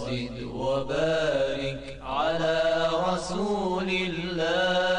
وزد وبارك على رسول الله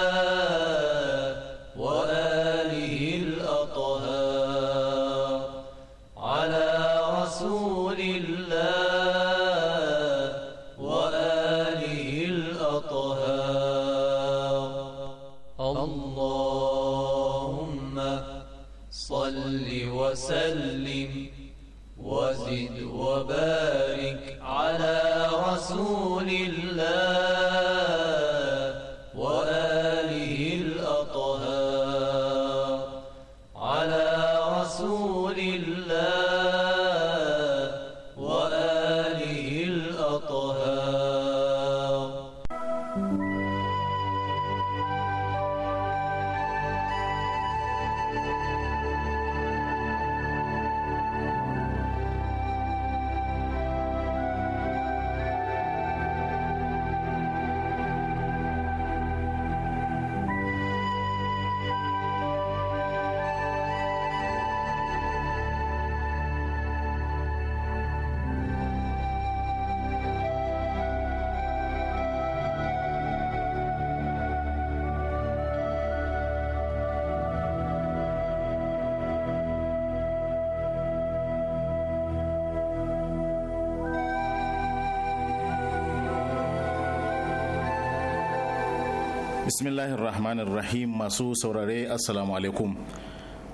masu saurare assalamu alaikum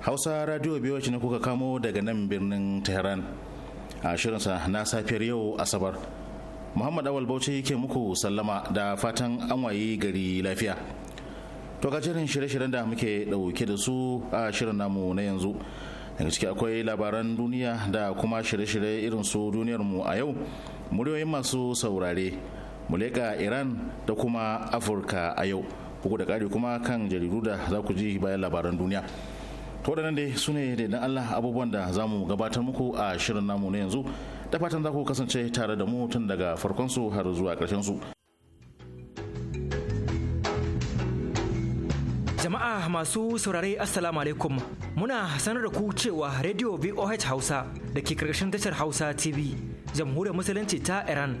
hausa radio biyu ne kuka kamo daga nan birnin tehran a shirinsa na safiyar yau asabar muhammad awal bauchi ke muku sallama da fatan an wayi gari lafiya to shirin shirye-shiryen da muke dauke da su a shirin namu na yanzu daga ciki akwai labaran duniya da kuma shirye-shirye irin su duniyar mu a yau muryoyin masu saurare muleka iran da kuma afirka a yau bugu da ƙari kuma kan jaridu da za ku ji bayan labaran duniya to nan dai su ne da allah abubuwan da za mu gabatar muku a shirin namu na yanzu da fatan za ku kasance tare da mu tun daga farkon su har zuwa ƙarshen su jama'a masu saurare assalamu alaikum muna sanar da ku cewa radio voh hausa da ke karkashin tashar hausa tv jamhuriyar musulunci ta iran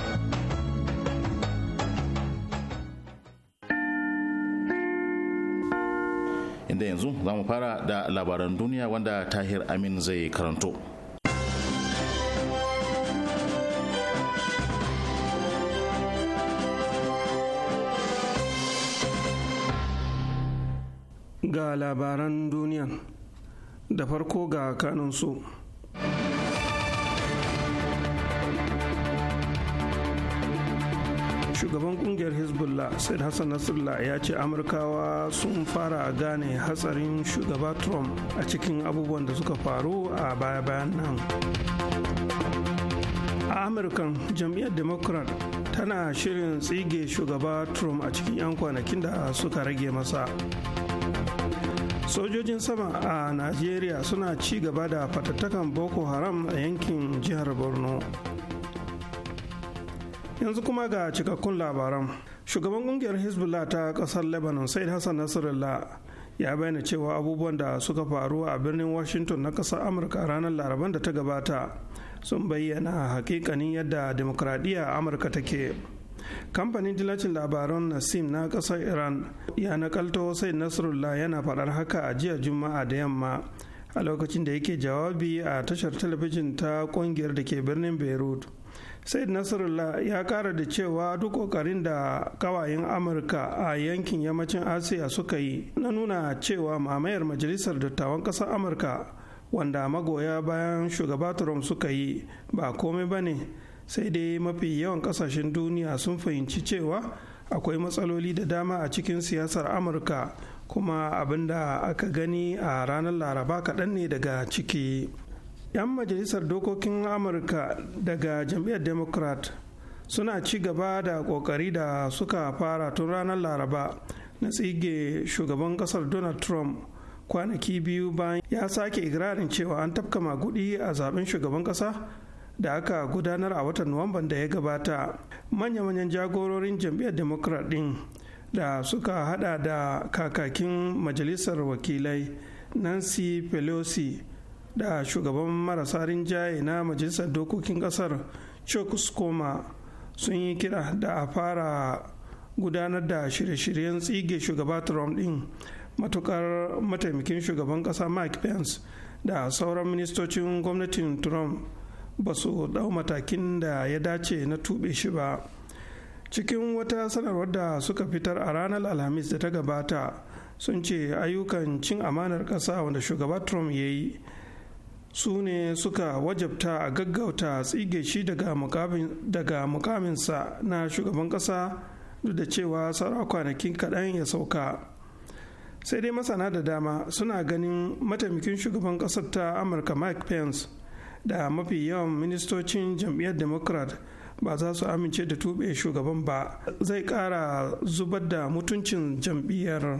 inda yanzu za mu fara da labaran duniya wanda tahir amin zai karanto ga labaran duniya da farko ga kanunsu shugaban kungiyar hezbollah said hassan nasrallah ya ce amurkawa sun fara gane hatsarin shugaba trump a cikin abubuwan da suka faru a baya-bayan nan a amurkan jam'iyyar democrat tana shirin tsige shugaba trump a cikin 'yan kwanakin da suka rage masa sojojin sama a najeriya suna ci gaba da fatattakan boko haram a yankin jihar borno yanzu kuma ga cikakkun labaran shugaban kungiyar hezbollah ta kasar lebanon said hassan nasrallah ya bayyana cewa abubuwan da suka faru a birnin washington na kasar amurka ranar laraban da ta gabata sun bayyana hakikanin yadda demokradiyya amurka take kamfanin dillacin labaran nasim na kasar iran ya nakalto sai Nasrallah yana faɗar haka a jiya juma'a da yamma a lokacin da yake jawabi a tashar talabijin ta kungiyar da ke birnin beirut said nasarullah ya kara da cewa duk kokarin da kawayen amurka a yankin yammacin asiya suka yi na nuna cewa mamayar majalisar dattawan ƙasar amurka wanda magoya bayan shugaba trump suka yi ba komai ba ne sai dai mafi yawan kasashen duniya sun fahimci cewa akwai matsaloli da dama a cikin siyasar amurka kuma abin da aka gani a ranar laraba kaɗan ne daga ciki 'yan majalisar dokokin amurka daga jam'iyyar democrat suna ci gaba da kokari da suka fara tun ranar laraba na tsige shugaban kasar donald trump kwanaki biyu bayan ya sake igrarin cewa an tafka magudi a zaben shugaban kasa da aka gudanar a watan nuwamban da ya gabata manya-manyan jagororin jam'iyyar democrat din da suka hada da kakakin majalisar wakilai nancy pelosi da shugaban marasa rinjaye na majalisar dokokin kasar chuck skoma sun yi kira da a fara gudanar da shirye-shiryen tsige shugaba trump din matukar mataimakin shugaban kasa mike pence da sauran ministocin gwamnatin trump ba su dau matakin da ya dace na tube shi ba cikin wata sanarwar da suka fitar a ranar alhamis da ta gabata sun ce ayyukan cin amanar kasa wanda shugaba trump ya yi su ne suka wajabta a gaggauta tsige shi daga mukaminsa na shugaban kasa duk da cewa saura kwanakin kaɗan ya sauka sai dai masana da dama suna ganin mataimakin shugaban ƙasar ta amurka mike pence da mafi yawan ministocin jam'iyyar democrat ba za su amince da tuɓe shugaban ba zai ƙara zubar da mutuncin jam'iyyar.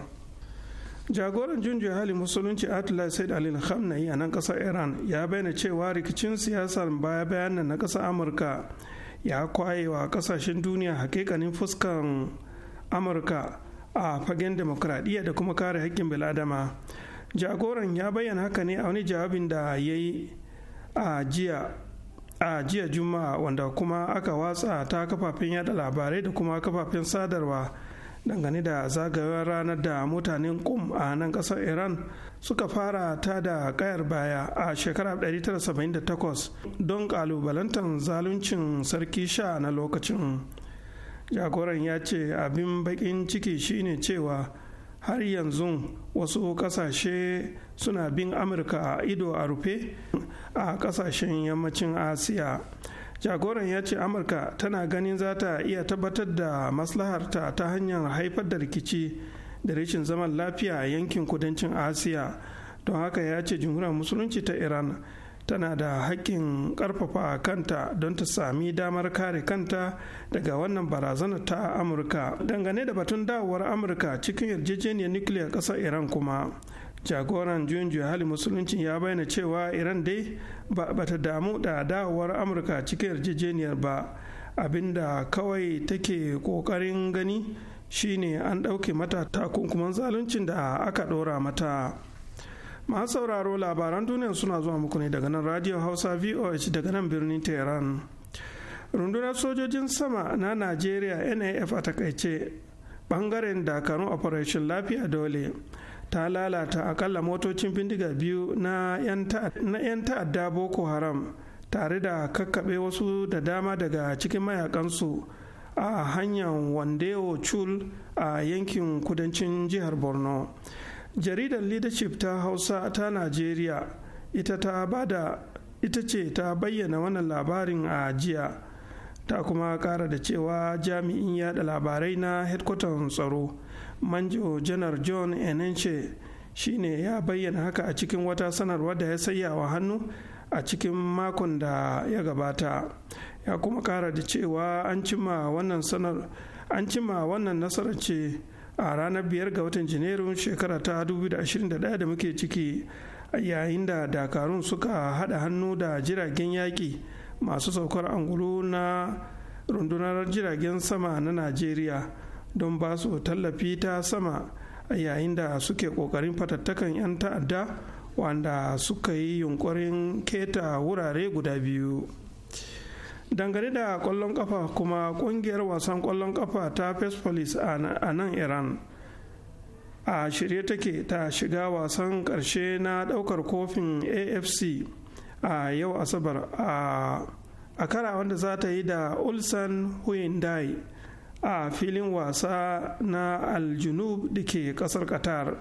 jagoran junjin hali musulunci atla said alil khamnai a nan kasar iran ya bayyana cewa rikicin siyasar baya bayan na kasar amurka ya kwayewa kasashen duniya hakikanin fuskan amurka a fagen demokradiyya da kuma kare hakkin biladama jagoran ya bayyana haka ne a wani jawabin da ya yi a jiya juma'a wanda kuma aka watsa ta kafafen yada labarai da kuma kafafen sadarwa dangane da zagayowar ranar da mutanen kum a nan kasar iran suka fara ta da kayar baya a shekarar 1978 don kalubalantar zaluncin sarki sha na lokacin jagoran ya ce abin bakin ciki shine cewa har yanzu wasu kasashe suna bin amurka a ido a rufe a kasashen yammacin asiya jagoran ya ce amurka tana ganin za ta iya tabbatar da maslaharta ta hanyar haifar da rikici da rashin zaman lafiya a yankin kudancin asiya don haka ya ce jamhuriyar musulunci ta iran tana da hakkin ƙarfafa kanta don ta sami damar kare kanta daga wannan barazana ta amurka dangane da batun dawowar amurka cikin yarjejeniyar nukiliyar ƙasar iran kuma jagoran juyin hali musulunci ya bayyana cewa iran dai ba ta damu da dawowar amurka cikin yarjejeniyar ba abinda kawai take kokarin gani shine an ɗauke mata takunkuman zaluncin da aka ɗora mata masu sauraro labaran duniya suna zuwa muku ne daga nan radio hausa voh daga nan birnin tehran rundunar sojojin sama na najeriya naf a takaice bangaren dakarun operation lafiya dole ta lalata akalla motocin bindiga biyu na 'yan ta'adda boko haram tare da kakkaɓe wasu da dama daga cikin mayakansu a hanyar wandeo chul a yankin kudancin jihar borno jaridar leadership ta hausa ta najeriya ita ta bada ita ce ta bayyana wannan labarin a jiya ta kuma kara da cewa jami'in yada labarai na hedkwatan tsaro manjo janar john enenche shine ya bayyana haka a cikin wata sanarwar da ya sayyawa hannu a cikin makon da ya gabata ya kuma kara da cewa an cimma wannan nasarar ce a ranar biyar ga watan janairun shekara ta 2021 da muke ciki yayin da dakarun suka hada hannu da jiragen yaƙi masu saukar angulu na rundunar jiragen sama na najeriya don ba su tallafi ta sama a yayin da suke ƙoƙarin fatattakan 'yan ta'adda wanda suka yi yunkurin keta wurare guda biyu dangane da kwallon kafa kuma kungiyar wasan kwallon kafa ta police a nan iran a shirye take ta shiga wasan karshe na ɗaukar kofin afc a yau asabar a kara wanda za ta yi da ulsan huyenda'i. a filin wasa na aljunub da ke kasar qatar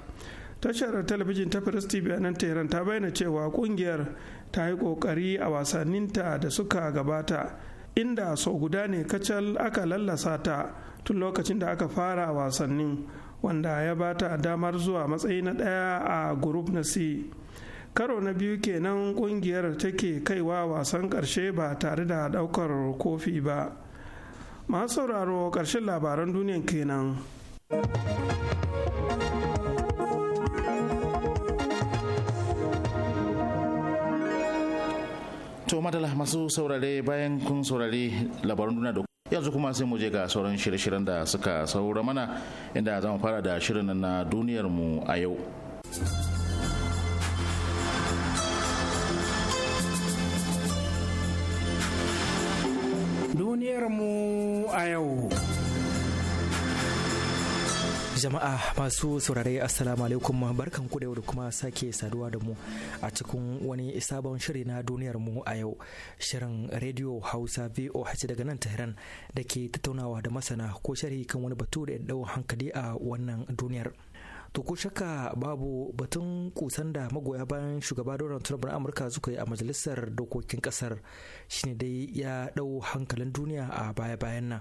tashar talabijin ta firisti tv nan tehran ta bayyana cewa kungiyar ta yi kokari a wasanninta da suka gabata inda sau guda ne kacal aka lallasa ta tun lokacin da aka fara wasannin wanda ya bata damar zuwa matsayi na ɗaya a group na c karo na biyu kenan kungiyar take kaiwa wasan ƙarshe ba tare da ɗaukar kofi ba masu sauraro ƙarshen labaran duniyan kenan. To madala masu saurare bayan kun saurari labarun duniya da yanzu kuma sai mu je ga sauran shirye-shiryen da suka saura mana inda za mu fara da shirin na duniyar mu a yau. duniyarmu a yau. jama'a masu saurare assalamu alaikum barkan ku da yau da kuma sake saduwa da mu a cikin wani sabon shiri na duniyar mu a yau shirin radio hausa voh daga nan tehran da ke tattaunawa da masana ko sharhi kan wani batu da ya hankali a wannan duniyar. to ko shakka babu batun kusan da magoya bayan shugaba donald trump na amurka suka yi a majalisar dokokin kasar shine dai ya dau hankalin duniya a baya-bayan nan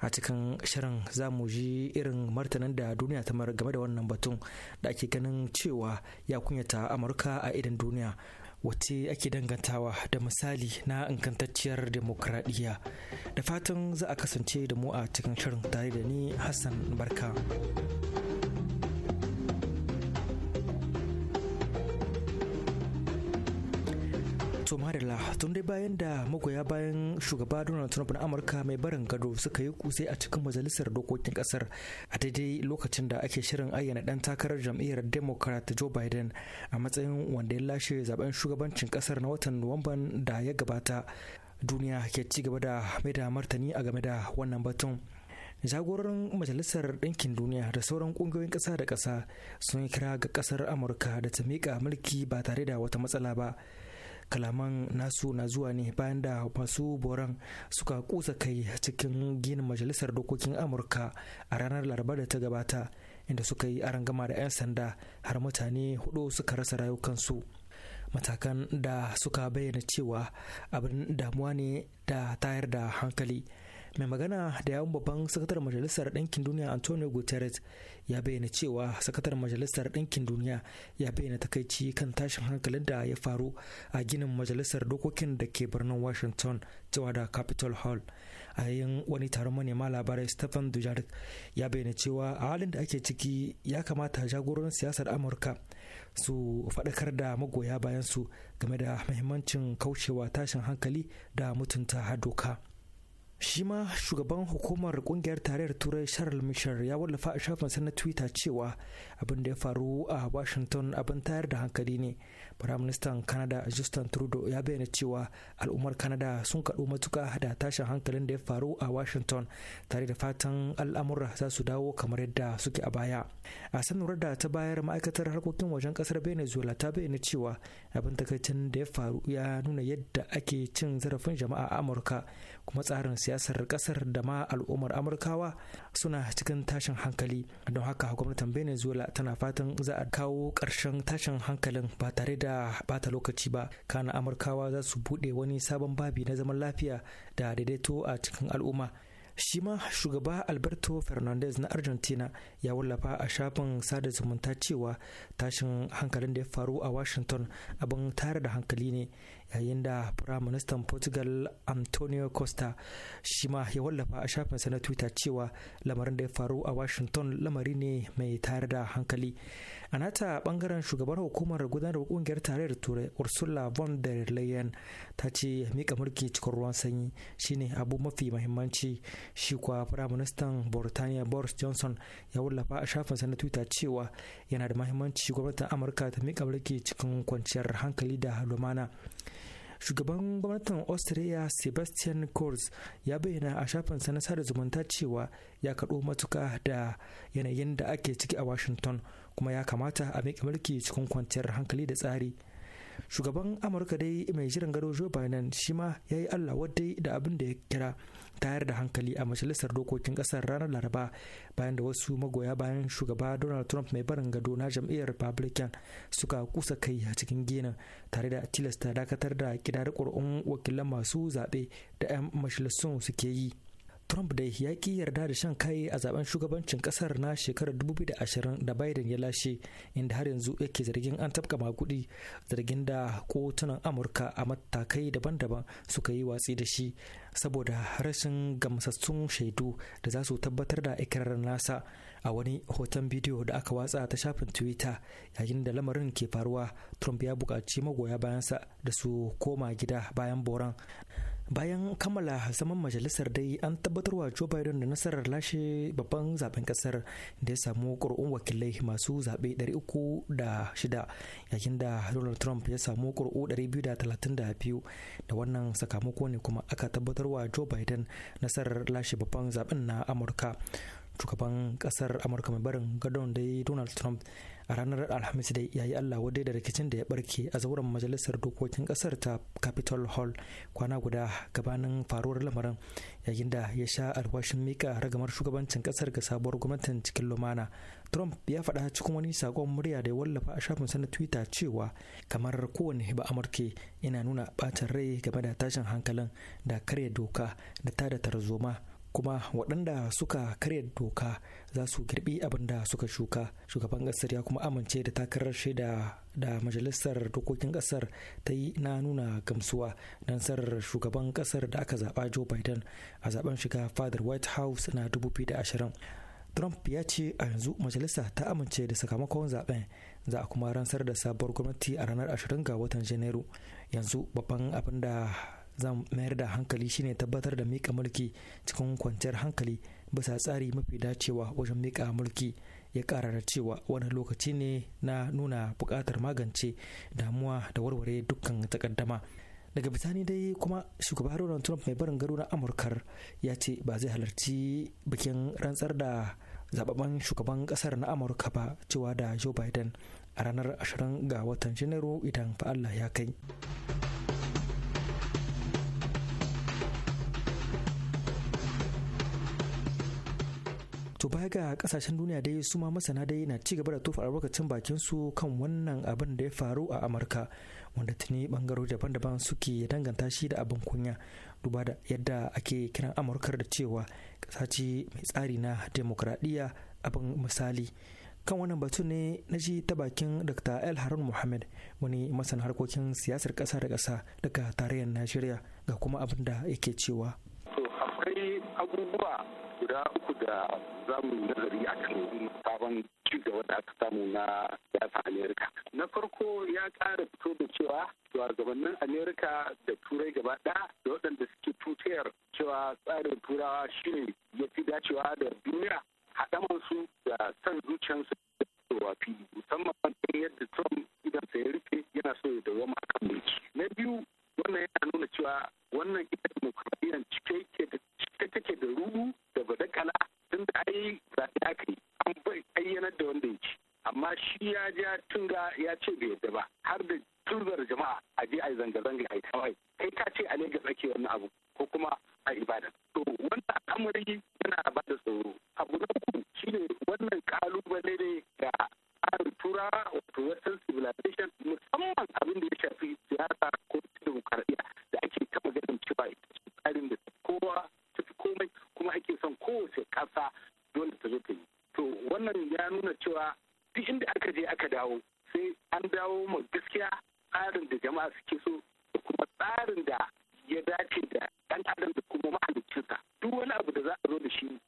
a cikin shirin za mu ji irin martanin da duniya ta mar game da wannan batun da ake ganin cewa ya kunyata amurka a idan duniya wace ake dangantawa da misali na ingantacciyar demokradiyya da fatan za a kasance da mu a cikin shirin tare da ni hassan barka to marilla tun dai bayan da magoya bayan shugaba donald trump na amurka mai barin gado suka yi kusai a cikin majalisar dokokin kasar a daidai lokacin da ake shirin ayyana dan takarar jam'iyyar democrat joe biden a matsayin wanda ya lashe zaben shugabancin kasar na watan nuwamban da ya gabata duniya ke ci gaba da mai da martani a game da wannan batun jagoran majalisar ɗinkin duniya da sauran ƙungiyoyin ƙasa da ƙasa sun yi kira ga ƙasar amurka da ta miƙa mulki ba tare da wata matsala ba kalaman nasu na zuwa ne bayan da masu boran suka kusa kai cikin ginin majalisar dokokin amurka a ranar laraba da ta gabata inda suka yi gama da 'yan sanda har mutane hudu suka rasa rayukansu matakan da suka bayyana cewa abin damuwa ne da tayar da hankali mai magana da yawun babban sakatar majalisar ɗinkin duniya antonio guterres ya bayyana cewa sakatar majalisar ɗinkin duniya ya bayyana takaici kan tashin hankalin da ya faru a ginin majalisar dokokin da ke birnin washington cewa da capitol hall a yayin wani taron manema labarai stephen dujaric ya bayyana cewa a halin da ake ciki ya kamata jagoran siyasar amurka su faɗakar da magoya bayansu game da mahimmancin kaucewa tashin hankali da mutunta hadoka. shi ma shugaban hukumar kungiyar tarayyar turai charles michel ya wallafa a shafin na twitter cewa abin da ya faru a washington abin tayar da hankali ne firaministan canada justin trudeau ya bayyana cewa al'ummar canada sun kaɗu matuka da tashin hankalin da ya faru a washington tare da fatan al'amura za su dawo kamar yadda suke a baya a sanarwar da ta bayar ma'aikatar harkokin wajen kasar venezuela ta bayyana cewa abin takaicin da ya faru ya nuna yadda ake cin zarafin jama'a a amurka kuma tsarin siyasa siyasar kasar da ma al'ummar amurkawa suna cikin tashin hankali don haka gwamnatin venezuela tana fatan za a kawo ƙarshen tashin hankalin ba tare da bata lokaci ba kana amurkawa za su buɗe wani sabon babi na zaman lafiya da daidaito a cikin al'umma shi ma shugaba alberto fernandez na argentina ya wallafa a shafin sada zumunta cewa tashin hankalin da ya faru a washington abin tare da hankali ne yayin da firaministan portugal antonio costa shi ma ya wallafa a shafinsa na twitter cewa lamarin da ya faru a washington lamari ne mai tayar da hankali a nata bangaren shugabar hukumar gudanar kungiyar tarayyar turai ursula von der leyen ta ce mika mulki cikin ruwan sanyi shine abu mafi mahimmanci shi kuwa firaministan burtaniya boris johnson ya wallafa a shafinsa na twitter cewa yana da mahimmanci gwamnatin amurka ta mika mulki cikin kwanciyar hankali da lumana shugaban gwamnatin austria sebastian kurz ya bayyana a shafinsa na sada zumunta cewa ya kaɗo matuka da yanayin da ake ciki a washington kuma ya kamata a miƙe mulki cikin kwanciyar hankali da tsari shugaban amurka dai mai jiran gado joe biden shi ma ya yi allah wadai da abin da ya kira tayar da hankali a majalisar dokokin kasar ranar laraba bayan da wasu magoya bayan shugaba donald trump mai barin gado na jam'iyyar republican suka kusa kai a cikin ginin tare da tilasta dakatar da kidar ƙuri'un wakilan masu zaɓe da 'yan majalisun suke yi Trump da ya ki yarda da shan kayi a zaben shugabancin kasar na shekarar 2020 da Biden ya lashe inda har yanzu yake zargin an tafka maguɗi zargin da kotunan Amurka a matakai daban-daban suka yi watsi da shi saboda rashin gamsassun shaidu da za su tabbatar da ikirarin nasa a wani hoton bidiyo da aka watsa ta shafin Twitter yayin da lamarin ke faruwa Trump ya buƙaci magoya bayansa da su koma gida bayan boran bayan kammala zaman majalisar dai an tabbatarwa joe biden da nasarar lashe babban zaben kasar da ya samu kuri'un wakilai masu zaɓe 306 yayin da donald trump ya samu ƙuri'u 232 da wannan sakamako ne kuma aka tabbatarwa joe biden nasarar lashe babban zaben na amurka shugaban kasar amurka mai barin gadon dai donald trump a ranar alhamis dai yi allah wadai da rikicin da ya barke a zauren majalisar dokokin kasar ta capitol hall kwana guda gabanin faruwar lamarin yayin da ya sha alwashin mika ragamar shugabancin kasar ga sabuwar gwamnatin cikin lumana trump ya faɗa cikin wani sakon murya da ya wallafa a shafinsa na twitter cewa kamar kowane ba amurke yana nuna ɓacin rai game da tashin hankalin da karya doka da tada tarzoma kuma waɗanda suka karya doka za su girbi abinda suka shuka shugaban ƙasar ya kuma amince da takarar shaida da majalisar dokokin ƙasar ta yi na nuna gamsuwa don sarar shugaban ƙasar da aka zaɓa joe biden a zaben shiga fadar white house na 2020 Trump ya ce a yanzu majalisa ta amince da sakamakon zaben za a kuma ransar da sabuwar gwamnati a ranar 20 ga watan Janairu. Yanzu babban abin da zan mayar da hankali shine tabbatar da mika mulki cikin kwanciyar hankali bisa tsari mafi dacewa wajen mika mulki ya da cewa wani lokaci ne na nuna buƙatar magance damuwa da warware dukkan takaddama daga bisani dai kuma shugaba donald trump mai barin gado na amurkar ya ce ba zai halarci bikin rantsar da zababben shugaban kasar na amurka ba cewa da joe biden a ranar 20 ga watan janairu idan fa'alla ya kai to baya ga kasashen duniya dai su ma masana dai na ci gaba da tofa albarkacin bakin su kan wannan abin da ya faru a amurka wanda tuni bangarori daban-daban suke danganta shi da abin kunya duba da yadda ake kiran amurkar da cewa ƙasa mai tsari na demokradiyya abin misali kan wannan batu ne na ji ta bakin dr el harun muhammad wani masana harkokin siyasar kasa da kasa daga tarayyar najeriya ga kuma abin da yake cewa akwai abubuwa guda uku da za mu nazari a kan sabon ci gaba da aka samu na siyasa Amerika. Na farko ya kara fito da cewa shugabannin Amerika da Turai gaba ɗaya da waɗanda suke tutayar cewa tsarin Turawa shine ya fi dacewa da duniya haɗamansu da san zuciyarsu fitowa fili musamman ɗin yadda Trump idan ya rufe yana so ya dawama kan mulki. Na biyu wannan yana nuna cewa wannan ita demokradiyyar cike take da rubu da badakala tun da ayi zaɓe aka yi an bai ayyanar da wanda ya ci amma shi ya ja tunga ya ce bai yadda ba har da turbar jama'a a je a yi zanga-zanga a yi kawai kai ka ce a Legas ake wani abu ko kuma a ibada To wannan al'amari yana ba da tsoro. Abu na uku ne wannan kalubale ne ga tsarin turawa wato western civilization musamman abin da ya shafi siyasa ko dimokuraɗiyya da ake kama ganin cewa ce ƙasa dole ta zo ta yi to wannan ya nuna cewa duk inda aka je aka dawo sai an dawo ma gaskiya tsarin da jama'a suke so da kuma tsarin da ya dace da ɗan adam da kuma mahaliccinsa duk wani abu da za a zo da shi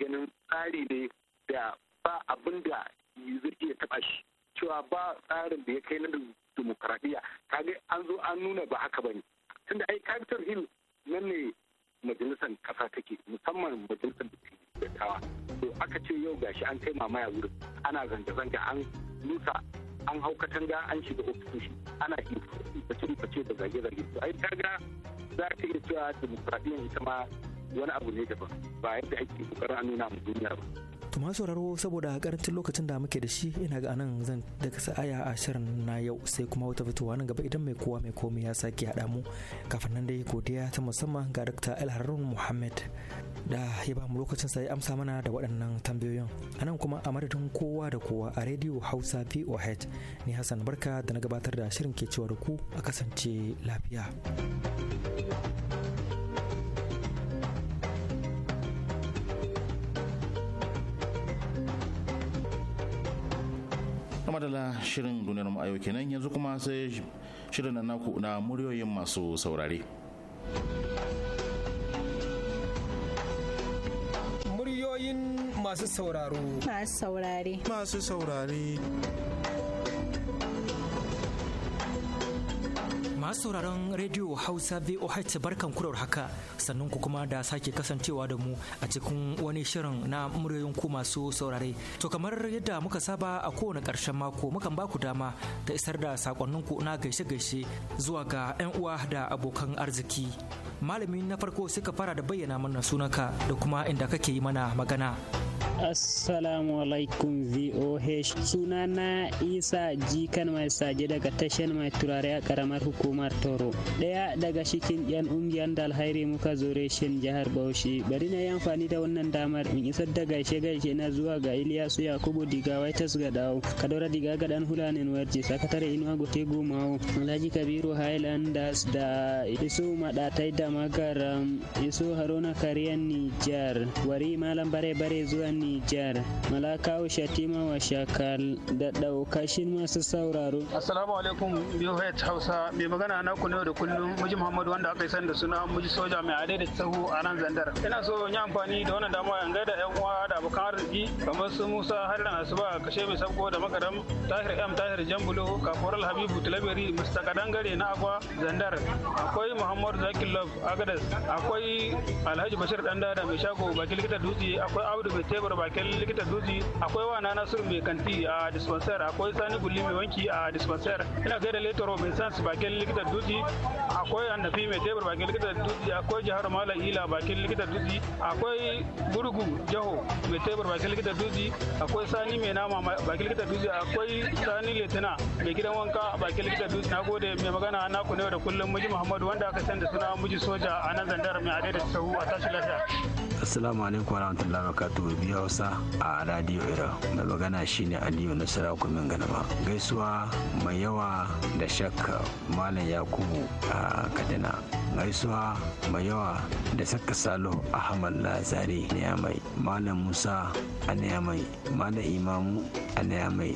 ganin tsari ne da ba abin da zai iya taɓa shi cewa ba tsarin da ya kai na dimokuraɗiyya kaga an zo an nuna ba haka ba ne tunda ai capitol hill nan ne majalisar ƙasa take musamman majalisar dattawa to aka ce yau gashi an kai mamaya wurin ana zanga-zanga an nusa an hau katanga an shiga ofisoshi ana iya face da zage-zage to ai kaga za ta iya cewa dimokuraɗiyya ita ma wani abu ne daban ba yadda ake kokarin a nuna mu duniya ba Tuma sauraro saboda karancin lokacin da muke da shi ina ga anan zan daga sa'aya a shirin na yau sai kuma wata fitowa nan gaba idan mai kowa mai komai ya sake haɗa mu kafin nan dai godiya ta musamman ga Dr. Alharun Muhammad da ya ba mu lokacin sai amsa mana da waɗannan tambayoyin. anan kuma a madadin kowa da kowa a rediyo Hausa VOH ni Hassan Barka da na gabatar da shirin ke cewa da ku a kasance lafiya. kammala shirin duniyar mu a yau kenan yanzu kuma sai shirin na naku na muryoyin masu saurare muryoyin masu sauraro masu saurare masu saurare sauraron Radio Hausa VOH barkan kurar haka sannan ku kuma da sake kasancewa da mu a cikin wani shirin na muryoyin ku masu saurare. To kamar yadda muka saba a kowane ƙarshen mako mukan baku dama ta isar da sakonnin ku na gaishe-gaishe zuwa ga 'yan uwa da abokan arziki. Malami na farko suka fara da bayyana mana sunanka da kuma inda kake yi mana magana. Assalamu alaikum VOH sunana Isa Jikan mai saje daga tashan mai turare a karamar hukumar Toro. Daya daga cikin yan ungiyar dalhairi muka zore shin jihar Bauchi. Bari na yi amfani da wannan damar in isar da gaishe gaishe na zuwa ga Iliyasu Yakubu Diga ga Gadawo, Kadora Diga Gadan Hulanin Warji, Sakatare Inuwa Gote Gumawo, Alhaji Kabiru Highlanders da Isu Madatai da Magaram, Isu Haruna Kariyan Nijar, Wari Malam Bare Bare zuwa ƙasar Nijar. Malakawu Shatima wa Shakal da daukashin masu sauraro. Assalamu alaikum BOH Hausa mai magana na ku ne da kullum Muji Muhammad wanda aka san da suna Muji Soja mai adai da sahu a nan Zandar. Ina so in yi amfani da wannan dama in gaida yan uwa da abokan arziki kamar su Musa Harran Asuba kashe mai sabko da makaram Tahir M Tahir Jambulo Kaforal Habibu Tulaberi Mr. Kadangare na Agwa Zandar. Akwai Muhammad Zakir Love Agadas. Akwai Alhaji Bashir Danda da mai shago bakin likita dutse akwai Abdu Bete direba bakin likita zuci akwai na nasiru mai kanti a dispensar akwai sani gulli mai wanki a dispensar ina da letter of sans bakin likita zuci akwai annafi mai tebur bakin likita zuci akwai jihar malam ila bakin likita zuci akwai gurgu jaho mai tebur bakin likita zuci akwai sani mai nama bakin likita zuci akwai sani letina mai gidan wanka bakin likita zuci na gode mai magana na ku ne da kullum muji muhammadu wanda aka san da suna muji soja a nan zandar mai adai da sahu a tashi lafiya assalamu alaikum warahmatullahi wabarakatuh Radio hausa a radio iran mai magana shine aliyu na sarakumin ganaba gaisuwa mai yawa da shakka malam yakubu a kaduna gaisuwa mai yawa da saka salo ahmad lazare niyamai malam musa a niyamai malam imamu a niyamai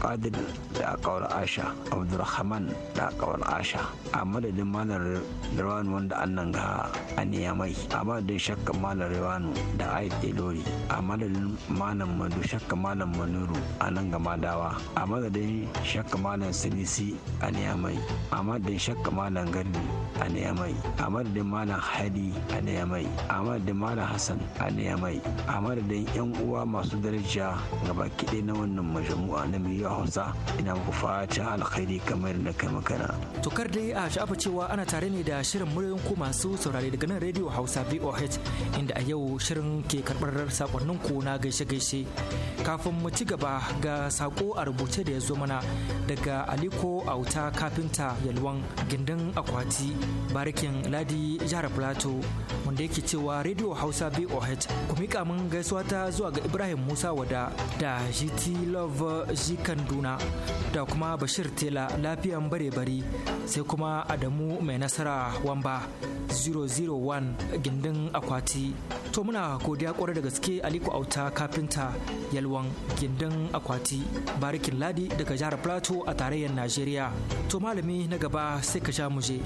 Qadir da akawar asha abdulrahman da akawar asha a madadin malam Rawan wanda annan ga a niyamai a madadin shakka malam Rawan da aik elori a madadin malam madu shakka malam manuru a nan gama dawa a madadin shakka malam sinisi a niyamai a madadin shakka malam gardi a niyamai a madadin malam hadi a niyamai a madadin malam hassan a niyamai a madadin yan uwa masu daraja gaba kiɗe na wannan majamu'a na biyu a hausa ina muku fata alkhairi kamar da kai makana. tokar dai a shafa cewa ana tare ne da shirin muryoyin ku masu saurare daga nan rediyo hausa voh inda a yau shirin ke karɓar sakonnin ku na gaishe-gaishe kafin mu ci gaba ga sako a rubuce da ya zo mana daga aliko auta kafinta yalwan gindin akwati barikin ladi jihar plateau wanda yake cewa radio hausa boh ku miƙa min gaisuwa ta zuwa ga ibrahim musa wada da gt love jikanduna da kuma bashir tela lafiyan bare-bare sai kuma adamu mai nasara wamba 001 gindin akwati to muna godiya kwarai da gaske ali ku Auta kafinta Yalwan gindin akwati barikin ladi daga jihar Plateau a tarayyar Najeriya. To malami na gaba sai ka sha muje.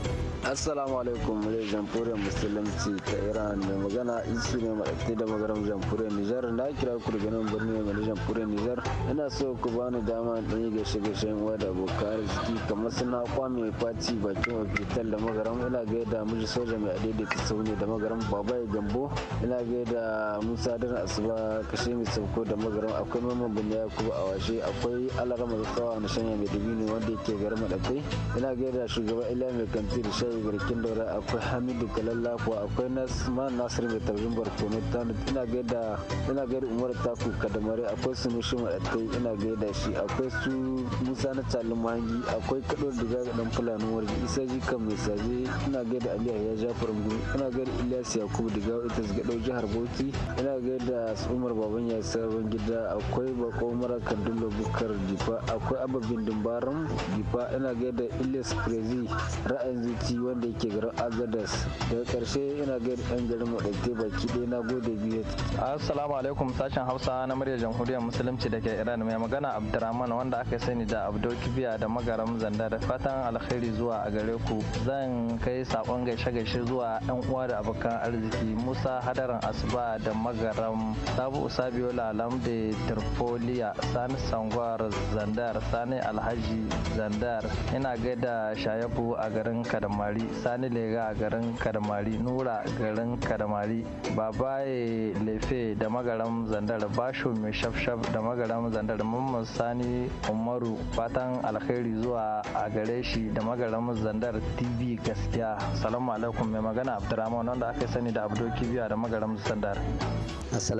Assalamu alaikum muryar jamfuriyar musulunci ta Iran mai magana isi ne maɗaɗe da magaram jamfuriyar Nijar na kira ku daga birni mai jamfuriyar Nijar ina so ku bani dama in yi gaishe gaishe uwa da abokan arziki kamar suna kwame faci bakin ofital da magaram ina gaida miji soja mai adaidaita sauni da magaram babaye gambo ina da musa dana asu shugaba kashe sauko da magaram akwai mamman bin yakubu a washe akwai alarama da tsawa na shanya mai dabino wanda yake gari madafai ina gaida shugaban ila mai kanti da shayi garkin daura akwai hamidu kalalla kuwa akwai man nasir mai tarbin barkono ina gaida ina gaida umar taku kadamare akwai su nushi madakai ina gaida shi akwai su musa na talin mahangi akwai kadon diga ga dan fulani warji isa kan mai saje ina gaida aliyu ya jafar ina gaida ilyas yakubu gawa ita ga jihar bauchi ina gaida Ilyas Umar Baban ya sabon gida akwai bako mara Kaduna Bukar Jifa akwai ababin dumbarin Jifa ina gaida ilis Crazy ra'ayin zuci wanda yake garin Agadas daga karshe ina gaida yan garin Madagascar baki ɗaya na gode biyu. Assalamu alaikum sashen Hausa na murya Jamhuriyar Musulunci da ke Iran mai magana Abdurrahman wanda aka sani da Abdo Kibiya da magaram Zanda da fatan alkhairi zuwa a gare ku zan kai sakon gaishe-gaishe zuwa 'yan uwa da abokan arziki Musa hadarin Asuba da magaram sabu usabiyo lalam da sani sangwar zandar sani alhaji zandar ina gaida shayabu a garin kadamari sani lega a garin kadamari nura garin kadamari babaye lefe da magaram zandar basho mai shafshaf da magaram zandar mamman sani umaru fatan alkhairi zuwa a gare shi da magaram zandar tv gaskiya salamu alaikum mai magana abdurrahman wanda aka sani da abdo da magaram zandar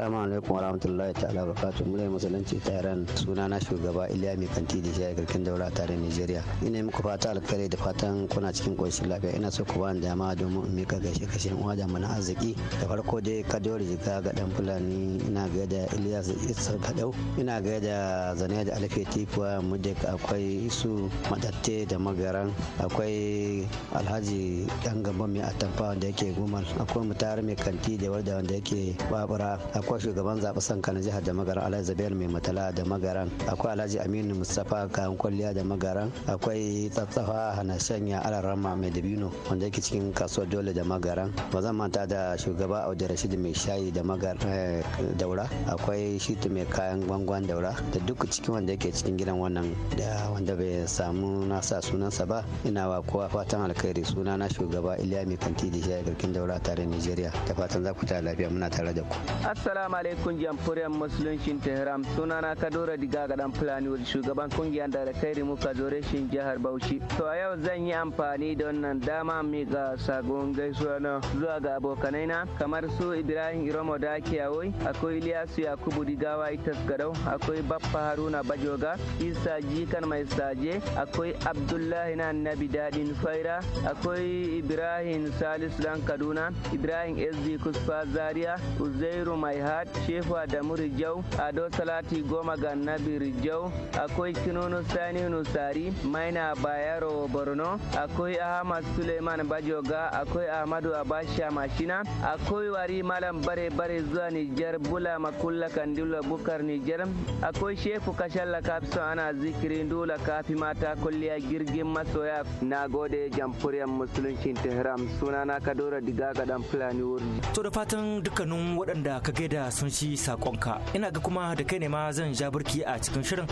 Assalamu alaikum warahmatullahi ta'ala barakatuh mulai musulunci ta sunana suna na shugaba Iliya mai kanti da shi garkin daura tare Najeriya ina muku fata alkhairi da fatan kuna cikin koshin lafiya ina so ku bani dama domin in mika gaishe kashe uwa da mana arziki da farko dai kadori jiga ga dan fulani ina ga da Ilyas Isar ina ga da Zane da Alfe Tifuwa Mudek akwai Isu Madatte da Magaran akwai Alhaji dan gaban mai atamfa wanda yake gumal akwai mutare mai kanti da wanda yake babura akwai akwai shugaban zaɓe sanka na jihar da magaran alhaji zabiyar mai matala da magaran akwai alhaji aminu mustapha kayan kwalliya da magaran akwai tsatsafa hana shanya alarama mai dabino wanda yake cikin kasuwar dole da magaran ba zan manta da shugaba audu rashid mai shayi da magar eh, daura akwai shitu mai kayan gwangwan daura da duk cikin wanda yake cikin gidan wannan da wanda bai samu nasa sunansa ba ina wa kowa fatan alkhairi suna na shugaba iliya mai kanti da shayi garkin daura tare nigeria da fatan za ku ta lafiya muna tare da ku Assalamu alaikum jamhuriyar musuluncin Tehran sunana Kadura Diga ga dan wani shugaban kungiyar da alkhairi muka zore shi jihar Bauchi. To a yau zan yi amfani da wannan dama mi ga sagon gaisuwa na zuwa ga abokanai na kamar su Ibrahim Iromo da yawoi akwai Iliyasu Yakubu Digawa Itas Gadau, akwai Baffa Haruna Bajoga, Isa Jikan Mai Saje, akwai Abdullahi na Nabi Dadin Faira, akwai Ibrahim Salisu Dan Kaduna, Ibrahim SD Kusfa Zaria, Uzairu Mai ahad shehu adamu Jau ado salati goma ga annabi Jau akwai kinunu sani nusari maina bayero borno akwai ahmad suleiman bajoga akwai ahmadu abasha mashina akwai wari malam bare bare zuwa nijar bula makulla kandula bukar nijar akwai shefu kashalla Kapso ana zikirin dula kafi mata kulliya girgin masoya na gode jamhuriyar musuluncin tehran sunana Kadura Digaga dan fulani wuri to da fatan dukkanin waɗanda ka gaida sun shi sakonka ina ga kuma da kai ne ma zan ja burki a cikin shirin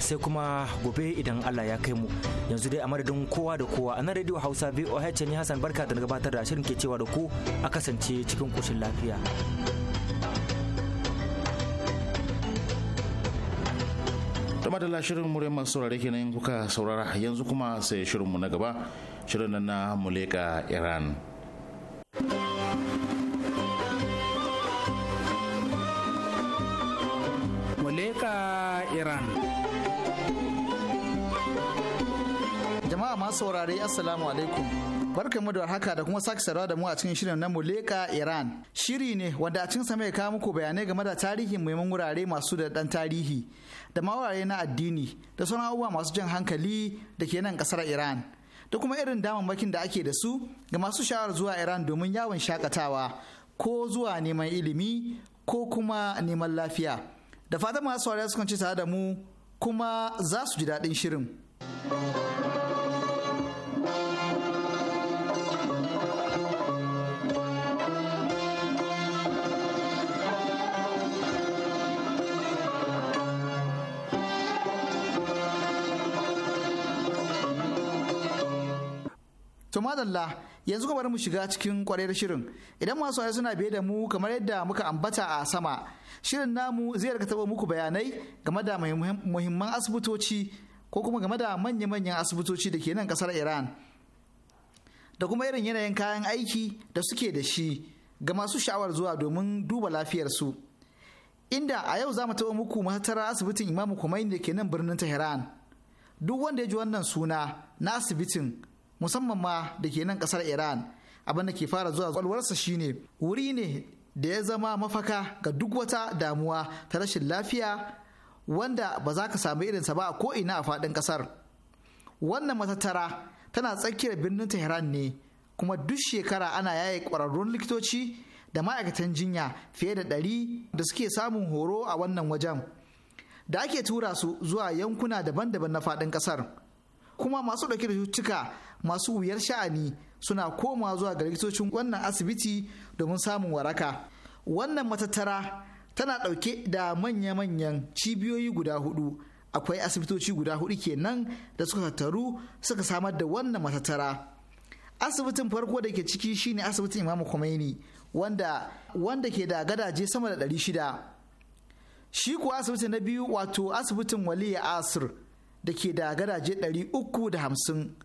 sai kuma gobe idan Allah ya kai mu yanzu dai a madadin kowa da kowa a nan radio Hausa VOH ne Hassan barka da gabatar da shirin ke cewa da ku a kasance cikin koshin lafiya. da da shirin murai masu saurare nan kuka saurara yanzu kuma sai shirinmu na gaba shirin na Muleka Iran. Amerika iran jama'a masu saurare assalamu alaikum barka mu da haka da kuma sake saduwa da mu a cikin shirin na Muleka Iran. Shiri ne wanda a cikin sa mai kawo muku bayanai game da tarihin muhimman wurare masu da dan tarihi da ma na addini da sauran abubuwa masu jan hankali da ke nan kasar Iran. Da kuma irin damammakin da ake da su ga masu sha'awar zuwa Iran domin yawon shakatawa ko zuwa neman ilimi ko kuma neman lafiya. da fatan masu su su kanci tare da mu kuma za su ji daɗin shirin. To yanzu kuma bari mu shiga cikin kwarar shirin idan masu wari suna biye da mu kamar yadda muka ambata a sama shirin namu zai rika taɓa muku bayanai game da muhimman asibitoci ko kuma game da manya-manyan asibitoci da ke nan ƙasar iran da kuma irin yanayin kayan aiki da suke da shi ga masu sha'awar zuwa domin duba lafiyarsu inda a yau za mu taɓa muku matattara asibitin imamu kuma da ke nan birnin tehran duk wanda ya ji wannan suna na asibitin musamman ma da ke nan kasar iran abin da ke fara zuwa kwalwarsa shine wuri ne da ya zama mafaka ga duk wata damuwa ta rashin lafiya wanda ba za ka samu irinsa ba a ko'ina a faɗin ƙasar wannan matattara tana tsakiyar birnin tehran ne kuma duk shekara ana yaye ƙwararrun likitoci da ma'aikatan jinya fiye da ɗari da suke samun horo a wannan wajen da ake tura su zuwa yankuna daban-daban na faɗin ƙasar kuma masu ɗauke da cutuka masu wuyar sha'ani suna koma zuwa ga likitocin wannan asibiti domin samun waraka wannan matattara tana ɗauke da manya-manyan cibiyoyi guda hudu akwai asibitoci guda hudu kenan da suka tattaru suka samar da wannan matattara asibitin farko da ke ciki shine asibitin imamu Khomeini wanda wanda ke da gadaje sama da ɗari shida. shi kuwa asibiti na biyu wato asibitin waliya asir da ke da gadaje ɗari uku da hamsin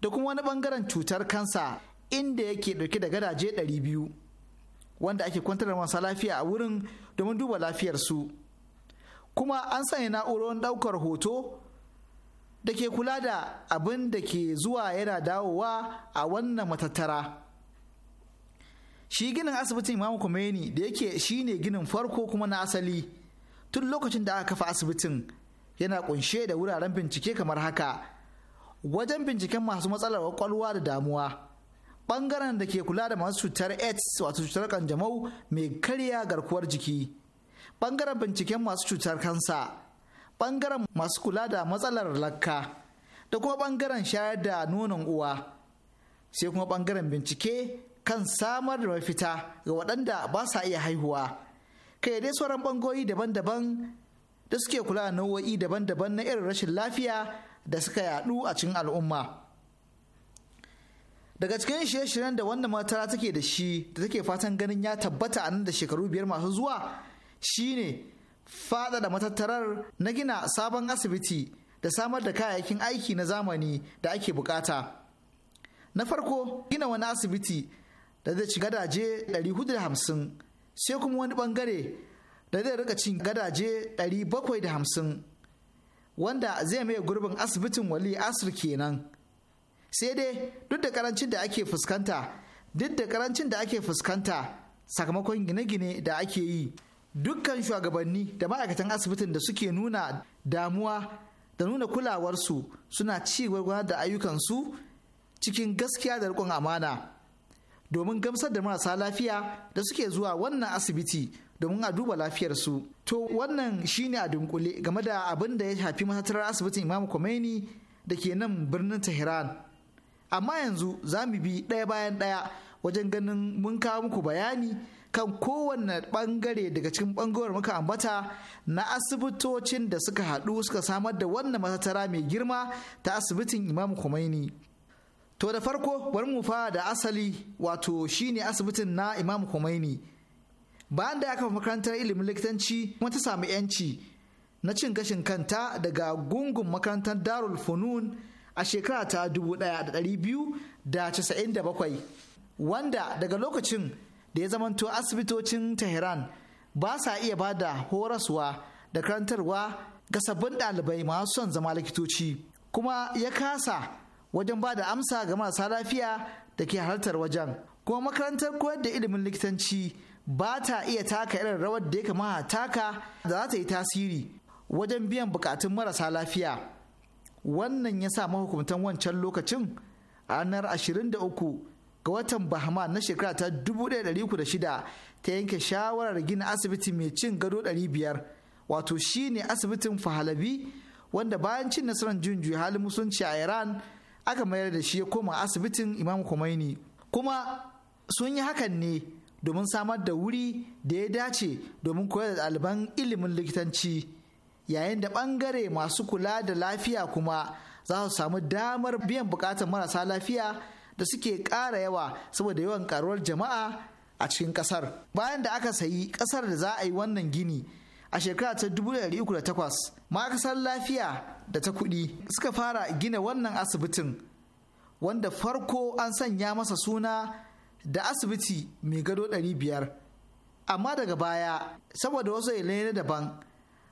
da kuma wani bangaren cutar kansa inda yake dauke da gadaje 200 wanda ake kwantar da masu lafiya a wurin domin duba lafiyarsu kuma an sanya na'urorin daukar hoto da ke kula da abin da ke zuwa yana dawowa a wannan matattara shi ginin asibitin imamu Khomeini da yake shine ginin farko kuma na asali tun lokacin da aka kafa asibitin yana kunshe da wuraren bincike kamar haka wajen binciken masu matsalar kwakwalwa da damuwa bangaren da ke kula da masu cutar aids wato cutar kanjamau mai karya garkuwar jiki bangaren binciken masu cutar kansa bangaren masu kula da matsalar lakka da kuma bangaren shayar da nonon uwa sai kuma bangaren bincike kan samar da mafita ga waɗanda ba sa iya haihuwa kai dai sauran bangoyi daban-daban da suke kula da nau'o'i daban-daban na irin rashin lafiya da suka yadu a cikin al'umma daga cikin shirye-shiryen da wannan matara take da shi da take fatan ganin ya tabbata a nan da shekaru biyar masu zuwa shine fada da matattarar na gina sabon asibiti da samar da kayayyakin aiki na zamani da ake bukata na farko gina wani asibiti da zai ci gadaje 450 sai kuma wani bangare da zai rika cin gadaje 750 wanda zai mai gurbin asibitin wali asir kenan sai dai duk da karancin da ake fuskanta duk da karancin da ake fuskanta sakamakon gine-gine da ake yi dukkan shugabanni da ma'aikatan asibitin da suke nuna damuwa da nuna kulawarsu suna ci gwagwana da ayyukansu cikin gaskiya da riƙon amana domin gamsar da marasa lafiya da suke zuwa wannan asibiti domin a duba lafiyarsu to wannan shine a dunkule game da abin da ya shafi matattarar asibitin imam Khomeini da ke nan birnin tehran amma yanzu za mu bi ɗaya bayan ɗaya wajen ganin mun kawo muku bayani kan kowanne ɓangare daga cikin bangaren muka ambata na asibitocin da suka haɗu suka samar da wannan matattara mai girma ta asibitin imam Khomeini. to da farko bari mu fara da asali wato shine asibitin na imam Khomeini. bayan da aka makarantar ilimin likitanci kuma ta samu yanci na cin gashin kanta daga gungun makarantar darul funun a shekara ta 1297 wanda daga lokacin da ya zamanto asibitocin tehran ba sa iya ba da horaswa da karantarwa ga sabbin ɗalibai masu son zama likitoci kuma ya kasa wajen ba da amsa ga marasa lafiya da ke halartar wajen kuma makarantar koyar da ilimin likitanci ba ta iya taka irin rawar da ya kamata taka da za ta yi tasiri wajen biyan bukatun marasa lafiya wannan ya sa mahukuntan wancan lokacin a ranar 23 ga watan bahama na shekara ta 1906 ta yanke shawarar gina asibiti mai cin gado 500 wato shi ne asibitin fahalabi wanda bayan cin nasarar junjuyi halin musulunci a iran aka mayar da shi ya koma asibitin imam Khomeini kuma sun yi hakan ne domin samar da wuri da ya dace domin koyar da ɗaliban ilimin likitanci yayin da ɓangare masu kula da lafiya kuma za su samu damar biyan buƙatar marasa lafiya da suke ƙara yawa saboda yawan ƙaruwar jama'a a cikin ƙasar bayan da aka sayi ƙasar da za a yi wannan gini a shekara ta 2008 makasar lafiya da ta kuɗi suka fara gina wannan asibitin wanda farko an sanya masa suna da asibiti mai gado 500 amma daga baya saboda wasu ya na daban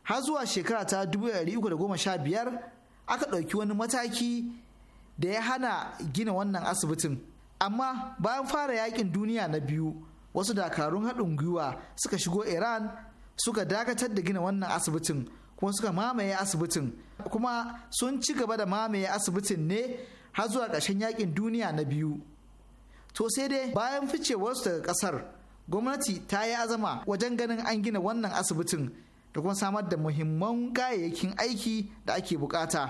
har zuwa shekara ta biyar, aka ɗauki wani mataki da ya hana gina wannan asibitin amma bayan fara yakin duniya na biyu wasu dakarun haɗin gwiwa suka shigo iran suka dakatar da gina wannan asibitin kuma suka mamaye asibitin kuma sun ci gaba da mamaye asibitin ne har zuwa ƙarshen yakin duniya na biyu to sai dai bayan ficewarsu daga kasar gwamnati ta yi azama wajen ganin an gina wannan asibitin da kuma samar da muhimman kayayyakin aiki da ake bukata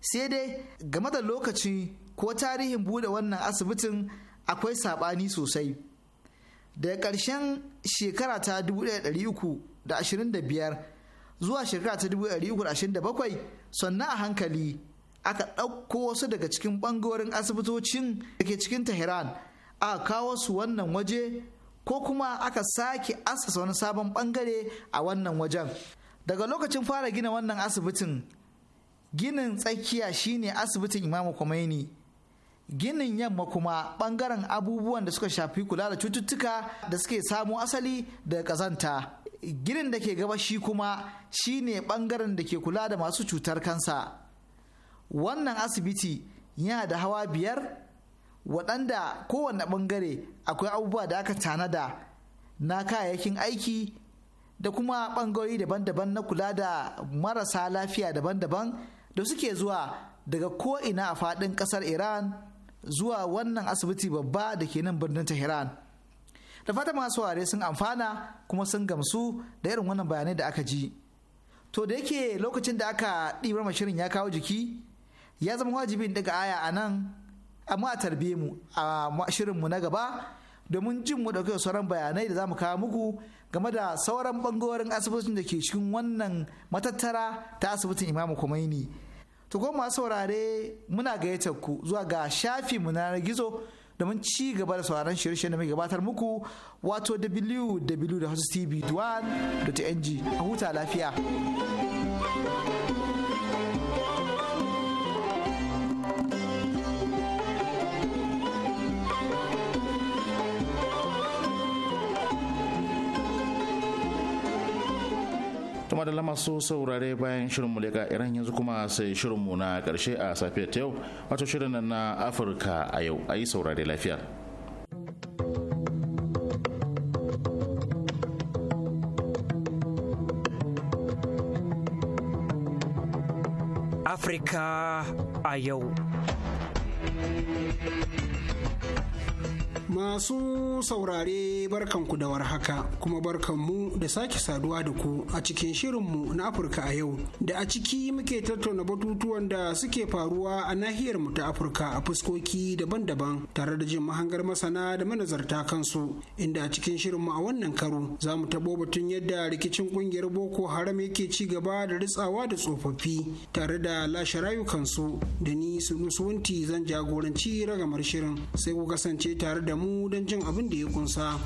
sai dai game da lokaci ko tarihin bude wannan asibitin akwai sabani sosai daga ƙarshen shekara ta 1325 zuwa shekara ta 1327 sannan a hankali aka ɗauko wasu daga cikin ɓangarorin asibitocin da ke cikin tehran a kawo su wannan waje ko kuma aka sake asasa wani sabon ɓangare a wannan wajen daga lokacin fara gina wannan asibitin ginin tsakiya shine asibitin imamu Khomeini ginin yamma kuma ɓangaren abubuwan da suka shafi kula da cututtuka da suke samu asali daga ƙazanta, ginin da ke gabashi kuma shine ɓangaren da ke kula da masu cutar kansa wannan asibiti yana da hawa biyar waɗanda kowane ɓangare akwai abubuwa da aka tanada na kayayyakin aiki da kuma ɓangarori daban-daban na kula da marasa lafiya daban-daban da suke zuwa daga ko'ina a faɗin ƙasar iran zuwa wannan asibiti babba da ke nan birnin tehran da fata masu ware sun amfana kuma sun gamsu da irin wannan bayanai da aka ji to da yake lokacin da aka ɗibar shirin ya kawo jiki ya zama wajibin daga aya a nan a tarbe mu a shirin mu na gaba domin jin mu dauke sauran bayanai da za mu kawo muku game da sauran bangoren asibitin da ke cikin wannan matattara ta asibitin imamu kumaini to masu saurare muna gayyatar ku zuwa ga shafi mu na gizo domin ci gaba da sauran shirye-shiryen da muke gabatar muku wato www.hostv1.ng a huta lafiya. kuma da masu saurare bayan shirin mu leka iran yanzu kuma sai shirin mu na karshe a safiyar ta yau wato shirin nan na afirka a yau ayi saurare lafiya Afirka a yau. Masu saurare barkanku da warhaka kuma barkanmu da sake saduwa da ku a cikin shirinmu na Afirka a yau da a ciki muke tattauna batutuwan da suke faruwa a nahiyar mu ta Afirka a fuskoki daban-daban tare da jin mahangar masana da manazarta kansu inda a cikin shirinmu a wannan karo za mu tabo batun yadda rikicin kungiyar Boko Haram yake ci gaba da ritsawa da tsofaffi tare da lashe rayukansu da ni Sunusunti zan jagoranci ragamar shirin sai ku kasance tare da mu don jin abin da ya kunsa.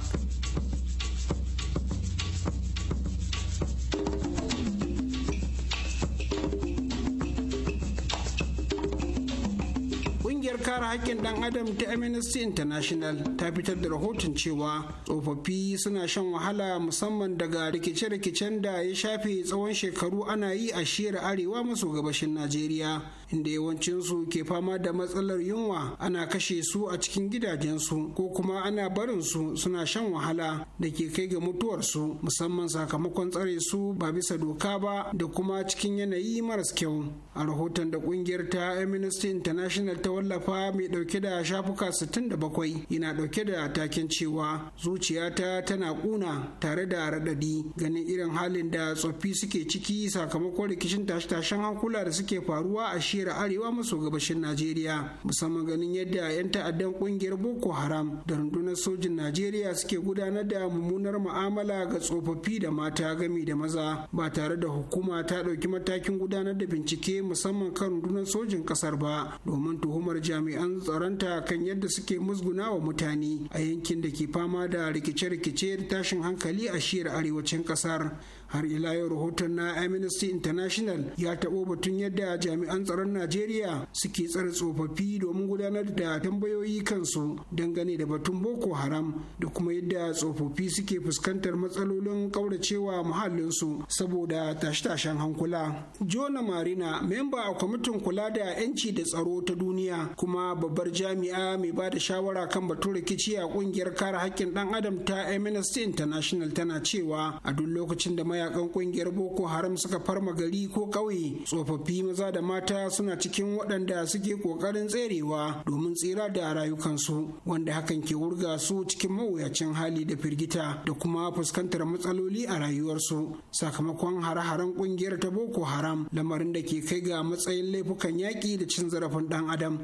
kare haƙƙin ɗan adam ta amnesty international ta fitar da rahoton cewa tsofaffi suna shan wahala musamman daga rikice-rikicen da ya shafe tsawon shekaru ana yi a shiyar arewa maso gabashin najeriya inda yawancinsu ke fama da matsalar yunwa ana kashe su a cikin gidajensu ko kuma ana barin su suna shan wahala da ke kai ga mutuwarsu musamman sakamakon tsare su ba bisa doka ba da kuma cikin yanayi maras kyau a rahoton da kungiyar ta amnesty international ta wallafa mai dauke da shafuka 67 yana dauke da taken cewa zuciyata tana kuna tare da radadi ganin irin halin da tsoffi suke ciki sakamakon rikicin tashe-tashen hankula da suke faruwa a shi shiyar arewa maso gabashin najeriya musamman ganin yadda 'yan ta'addan kungiyar boko haram da rundunar sojin najeriya suke gudanar da mummunar mu'amala ga tsofaffi da mata gami da maza ba tare da hukuma ta ɗauki matakin gudanar da bincike musamman kan rundunar sojin ƙasar ba domin tuhumar jami'an tsaronta kan yadda suke musguna wa mutane a yankin da ke fama da rikice-rikice da tashin hankali a shiyar arewacin ƙasar har ila yau rahoton na amnesty international ya taɓo batun yadda jami'an tsaron najeriya suke tsare tsofaffi domin gudanar da tambayoyi kansu dangane da batun boko haram da kuma yadda tsofaffi suke fuskantar matsalolin kauracewa muhallinsu saboda tashe-tashen hankula jona marina memba a kwamitin kula da 'yanci da tsaro ta duniya kuma babbar jami'a mai bada shawara kan batun rikici a kungiyar kare haƙƙin ɗan adam ta amnesty international tana cewa a duk lokacin da mayakan kungiyar boko haram suka farma gari ko ƙauye tsofaffi maza da mata suna cikin waɗanda suke ƙoƙarin tserewa domin tsira da rayukansu wanda hakan ke wurga su cikin mawuyacin hali da firgita da kuma fuskantar matsaloli a rayuwarsu sakamakon hare-haren kungiyar ta boko haram lamarin da ke kai ga matsayin laifukan yaƙi da cin zarafin ɗan adam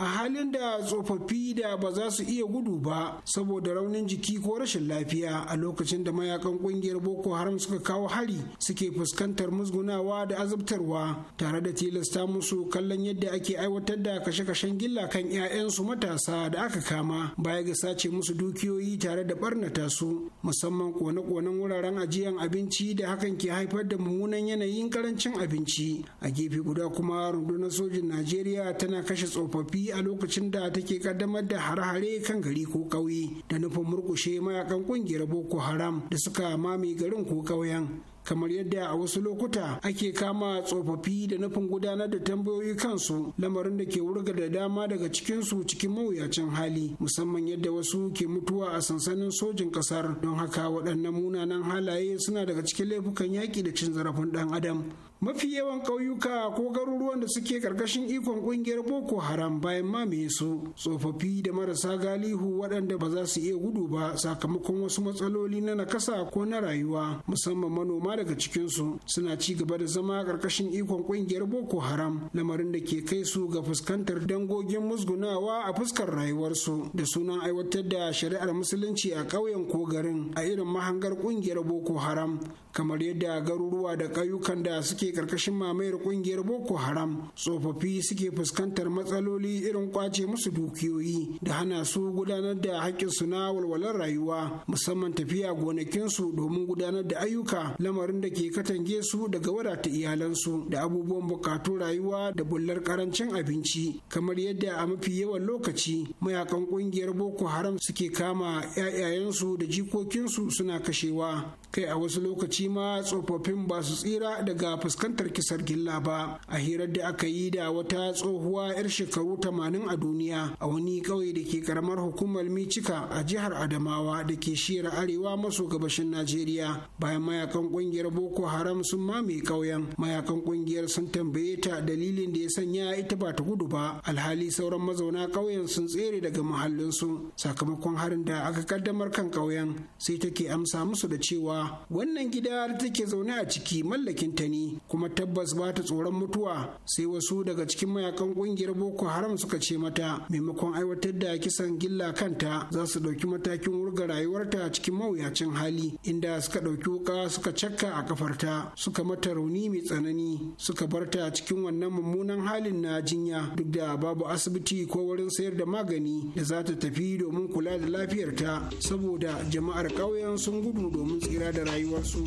a halin da tsofaffi da ba za su iya gudu ba saboda raunin jiki ko rashin lafiya a lokacin da mayakan kungiyar boko haram suka kawo hari suke fuskantar musgunawa da azabtarwa tare da tilasta musu kallon yadda ake aiwatar da kashe-kashen gilla kan 'ya'yansu matasa da aka kama baya ga sace musu dukiyoyi tare da barnata su musamman kone-konen wuraren ajiyan abinci da hakan ke haifar da mummunan yanayin karancin abinci a gefe guda kuma rundunar sojin najeriya tana kashe tsofaffi a lokacin da take kaddamar da hare-hare kan gari ko ƙauye da nufin murkushe mayakan ƙungiyar boko haram da suka mame garin ko ƙauyen kamar yadda a wasu lokuta ake kama tsofaffi da nufin gudanar da tambayoyi kansu lamarin da ke wurga da dama daga cikinsu cikin mawuyacin hali musamman yadda wasu ke mutuwa a sansanin sojin kasar don haka waɗannan munanan halaye suna daga cikin laifukan yaƙi da cin zarafin ɗan adam mafi yawan ƙauyuka ko garuruwan da suke ƙarƙashin ikon ƙungiyar boko haram bayan mamaye su tsofaffi da marasa galihu waɗanda ba za su iya gudu ba sakamakon wasu matsaloli na nakasa ko na rayuwa musamman manoma daga cikin su suna ci gaba da zama ƙarƙashin ikon ƙungiyar boko haram lamarin da ke kai su ga fuskantar dangogin musgunawa a fuskar rayuwarsu da sunan aiwatar da shari'ar musulunci a ƙauyen ko garin a irin mahangar ƙungiyar boko haram kamar yadda garuruwa da ƙauyukan da suke karkashin mamayar ƙungiyar boko haram tsofaffi suke fuskantar matsaloli irin kwace musu dukiyoyi da hana su gudanar da haƙƙinsu na walwalar rayuwa musamman tafiya gonakinsu domin gudanar da ayyuka lamarin da ke katange su daga wadata iyalansu da abubuwan bukatun rayuwa da bullar karancin abinci kamar yadda a mafi yawan lokaci mayakan ƙungiyar boko haram suke kama 'ya'yayensu da jikokinsu suna kashewa kai a wasu lokaci ma tsofaffin ba su tsira daga fuskantar kisar gilla ba a hirar da aka yi da wata tsohuwa 'yar shekaru 80 a duniya a wani ƙauye da ke karamar hukumar micika a jihar adamawa da ke shiyar arewa maso gabashin najeriya bayan mayakan ƙungiyar boko haram sun mame ƙauyen mayakan ƙungiyar sun tambaye ta dalilin da ya sanya ita ba ta gudu ba alhali sauran mazauna ƙauyen sun tsere daga muhallinsu sakamakon harin da aka kaddamar kan ƙauyen sai take amsa musu da cewa wannan gida da take zaune a ciki mallakin ta ne kuma tabbas ba ta tsoron mutuwa sai wasu daga cikin mayakan kungiyar boko haram suka ce mata maimakon aiwatar da kisan gilla kanta za su ɗauki matakin wurga rayuwarta cikin mawuyacin hali inda suka ɗauki wuka suka cakka a kafarta suka mata rauni mai tsanani suka barta cikin wannan mummunan halin na jinya duk da babu asibiti ko wurin sayar da magani da za ta tafi domin kula da lafiyarta saboda jama'ar ƙauyen sun gudu domin tsira kula da rayuwarsu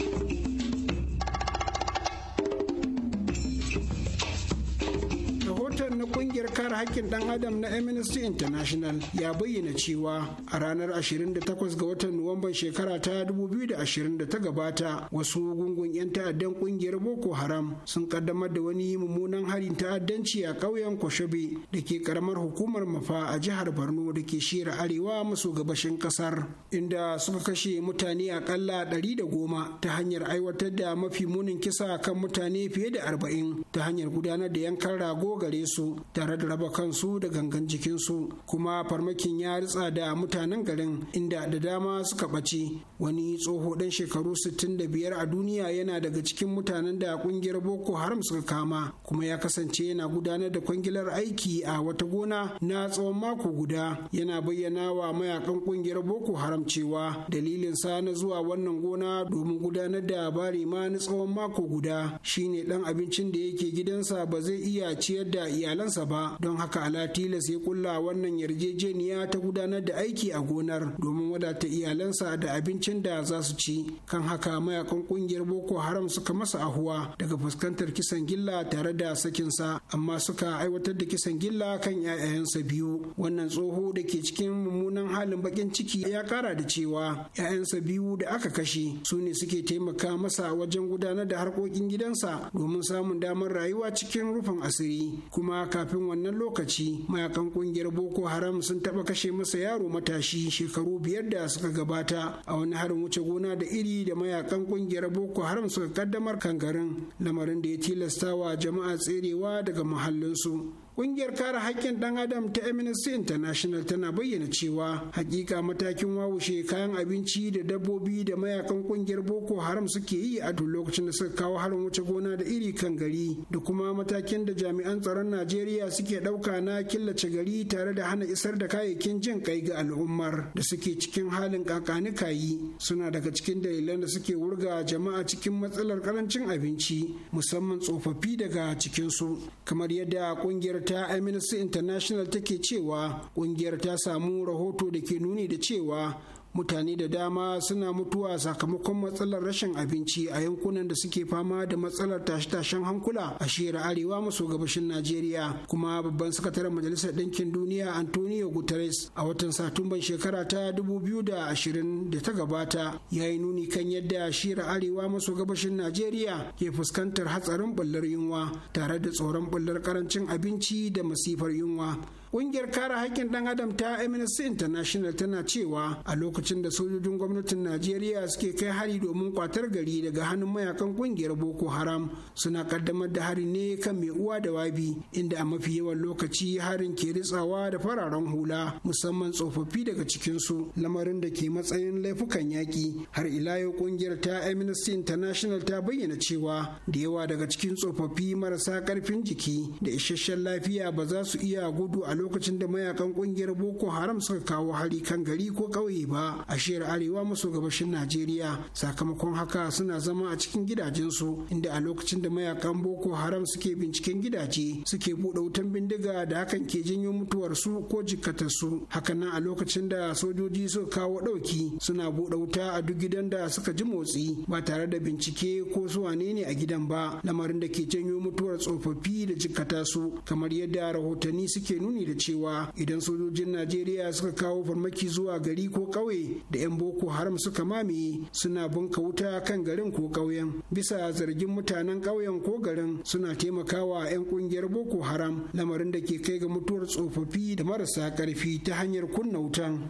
na kungiyar kare hakkin dan adam na amnesty international ya bayyana cewa a ranar 28 ga watan nuwamban shekara ta 2020 ta gabata wasu gungun 'yan ta'addan kungiyar boko haram sun kaddamar da wani mummunan harin ta'addanci a ƙauyen koshobe da ke karamar hukumar mafa a jihar borno da ke shira arewa maso gabashin kasar inda suka kashe mutane akalla 110 ta hanyar aiwatar da mafi munin kisa kan mutane fiye da 40 ta hanyar gudanar da yankan rago gare su tare da raba kansu da gangan jikinsu kuma farmakin ya ritsa da mutanen garin inda da dama suka ɓace wani tsoho ɗan shekaru 65 a duniya yana daga cikin mutanen da kungiyar boko haram suka kama kuma ya kasance yana gudanar da kwangilar aiki a wata gona na tsawon mako guda yana bayyana wa mayakan kungiyar boko haram cewa dalilin sa na zuwa wannan gona domin gudanar da bari ma na tsawon mako guda shine dan abincin da yake gidansa ba zai iya ciyar da iyali iyalansa ba don haka ala tilas ya kulla wannan yarjejeniya ta gudanar da aiki a gonar domin wadata iyalansa da abincin da za su ci kan haka mayakan kungiyar boko haram suka masa ahuwa daga fuskantar kisan gilla tare da sakinsa amma suka aiwatar da kisan gilla kan 'ya'yansa biyu wannan tsoho da ke cikin mummunan halin bakin ciki ya kara da cewa 'ya'yansa biyu da aka kashe su ne suke taimaka masa wajen gudanar da harkokin gidansa domin samun damar rayuwa cikin rufin asiri kuma kafin wannan lokaci mayakan kungiyar boko haram sun taɓa kashe masa yaro matashi shekaru biyar da suka gabata a wani harin wuce gona da iri da mayakan kungiyar boko haram suka kaddamar kangarin lamarin da ya tilasta wa jama'a tserewa daga muhallinsu Ƙungiyar kare haƙƙin ɗan adam ta Amnesty International tana bayyana cewa hakika matakin wawushe kayan abinci da dabbobi da mayakan ƙungiyar Boko Haram suke yi a duk lokacin da suka kawo harin wuce gona da iri kan gari da kuma matakin da jami'an tsaron Najeriya suke ɗauka na killace gari tare da hana isar da kayayyakin jin kai ga al'ummar da suke cikin halin kakani kayi suna daga cikin dalilan da suke wurga jama'a cikin matsalar karancin abinci musamman tsofaffi daga cikinsu kamar yadda ƙungiyar ta Amnesty International take cewa kungiyar ta samu rahoto da ke nuni da cewa mutane da dama suna mutuwa sakamakon matsalar rashin abinci a yankunan da suke fama da matsalar tashe-tashen hankula a shiyar arewa maso gabashin najeriya kuma babban sakataren majalisar ɗinkin duniya antonio guterres a watan satumban shekara ta 2020 da ta gabata ya yi nuni kan yadda shiyar arewa maso gabashin najeriya ke fuskantar hatsarin bullar yunwa tare da tsoron bullar karancin abinci da masifar yunwa Ƙungiyar kare haƙƙin ɗan adam ta Amnesty International tana cewa a lokacin da sojojin gwamnatin Najeriya suke kai hari domin kwatar gari daga hannun mayakan ƙungiyar Boko Haram suna kaddamar da hari ne kan mai uwa da wabi inda a mafi yawan lokaci harin ke ritsawa da fararen hula musamman tsofaffi daga cikinsu lamarin da ke matsayin laifukan yaƙi har ila yau ƙungiyar ta Amnesty International ta bayyana cewa da yawa daga cikin tsofaffi marasa ƙarfin jiki da isasshen lafiya ba za su iya gudu a lokacin da mayakan kungiyar boko haram suka kawo hari kan gari ko ƙauye ba a shiyar arewa maso gabashin najeriya sakamakon haka suna zama a cikin gidajensu inda a lokacin da mayakan boko haram suke binciken gidaje suke buɗe wutan bindiga da hakan ke janyo mutuwarsu ko jikkatarsu hakanan a lokacin da sojoji suka kawo ɗauki suna buɗe wuta a duk gidan da suka ji motsi ba tare da bincike ko su wane ne a gidan ba lamarin da ke janyo mutuwar tsofaffi da jikkata su kamar yadda rahotanni suke nuni da da cewa idan sojojin najeriya suka kawo farmaki zuwa gari ko ƙauye da 'yan boko haram suka mamaye suna bunka wuta kan garin ko ƙauyen bisa zargin mutanen ƙauyen ko garin suna taimakawa 'yan ƙungiyar boko haram lamarin da ke kai ga mutuwar tsofaffi da marasa ƙarfi ta hanyar kunna wutan